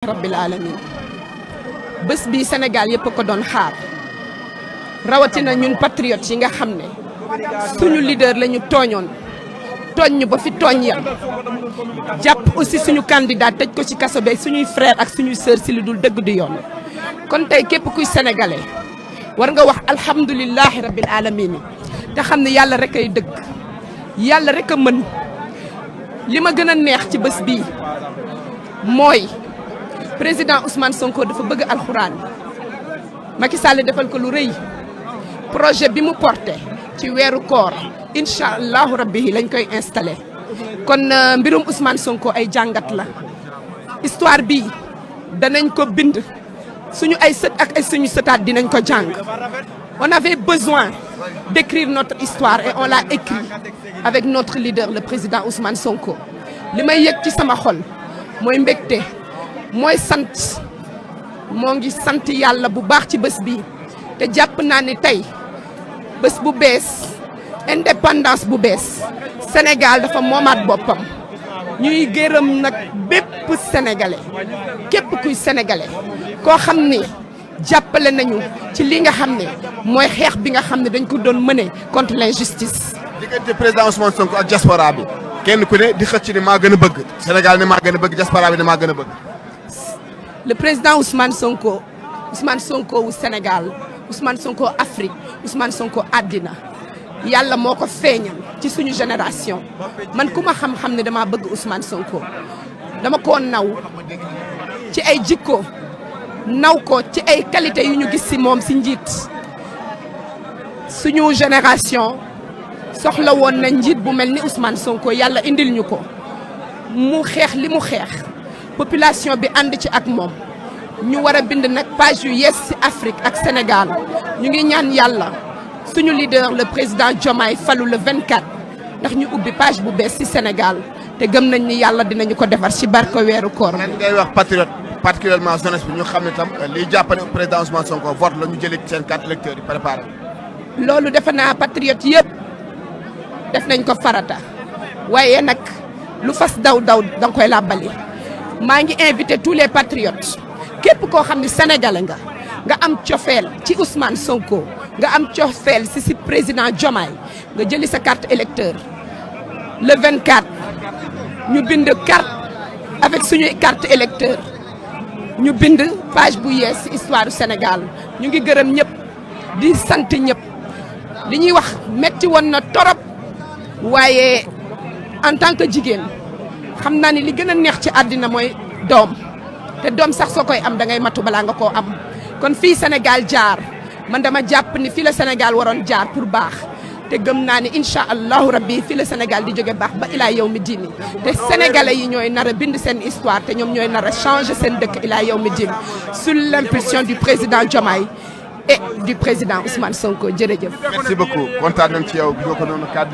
rabbil alamin bes bi Senegal yep ko don xaar rawatina ñun patriote yi nga xamne suñu leader lenyut toñon tooñoon ñu ba fi toñ ya japp aussi suñu candidat tej ko ci kasso be suñu frère ak suñu sœur ci lidul deug du yoon kon tay kep kuy sénégalais war nga wax alhamdullilah rabbil alamin ta xamne yalla rek ay deug yalla rek a mën li ma neex ci bi moy président Ousmane Sonko dafa bëgg alcorane Macky Sall defal ko lu reuy projet bi mu porté ci weeru koor inshallah allahu rabbi lañ koy installer kon euh, mbirum Ousmane Sonko ay jangat la histoire bi danañ ko bind suñu ay sët ak ay suñu dinañ ko jang on avait besoin d'écrire notre histoire et on l'a écrit avec notre leader le président Ousmane Sonko limay yek ci sama xol moy mbekté mooy sant moo ngi sant yàlla bu baax ci bés bi te jàpp naa ni tey bés bu bees indépendance bu bees Sénégal dafa moomaat boppam ñuy gërëm nag bépp sénégalais képp kuy sénégalais koo xam ni jàppale nañu ci li nga xam ne mooy xeex bi nga xam ne dañ ko doon mëne contre l'injustice. diggante président Ousmane Sonko ak diaspora bi kenn ku ne di xëcc ni maa gën a bëgg Sénégal ne maa gën a bëgg diaspora bi ne maa gën a bëgg. le président Ousmane Sonko Ousmane Sonko wu Sénégal Ousmane Sonko Afrique Ousmane Sonko àddina yàlla moo ko feeñal ci suñu génération man ku ma xam ne dama bëgg Ousmane Sonko dama ko naw ci ay jikko naw ko ci ay qualité yu ñu gis si moom si njiit suñu génération soxla woon na njiit bu mel ni Ousmane Sonko yàlla indil ñu ko mu xeex li mu xeex population bi ànd ci ak mom ñu wara bind nak page yu yees ci Afrique ak Sénégal ñu ngi ñaan yalla suñu leader le président Diomaye fallou le 24 ndax ñu ubbi page bu bess ci Sénégal te gëm nañ ni yalla dinañ ko defar ci barko wéru koor. nan ngay wax patriote particulièrement jeunesse bi ñu xam ne tam euh, liy jàppale président Ousmane Sonko vote la ñu jëlee seen carte électeur yi préparé. lolu defe na patriote yépp def nañ ko farata waaye nak lu fas daw daw dang koy làbbali maa inviter tous les patriotes képp koo xam ne sénégalais nga nga am cofeel ci Ousmane Sonko nga am cofeel si si président Diomaye nga jëli sa carte électeur le 24 ñu bind carte avec suñuy carte électeur ñu bind page bu yees histoire du Sénégal ñu ngi gërëm ñëpp di sant ñëpp li ñuy wax metti woon na torop waaye en tant que jigéen xam naa ni li gën a neex ci àddina mooy doom te doom sax soo koy am da ngay matu balaa nga koo am kon fii Sénégal jaar man dama jàpp ni fii la Sénégal waroon jaar pour baax te gëm naa ni incha allahu rabbi fii la Sénégal di jóge baax ba ilaa yow mi diini te sénégalais yi ñooy nar a bind seen histoire te ñoom ñooy nar a changer seen dëkk ilaa yow mi diini sur l' impulsion du président Diomaye et du président Ousmane Sonko jërëjëf. merci beaucoup kontaan nañ ci yow bi ko noonu kàddu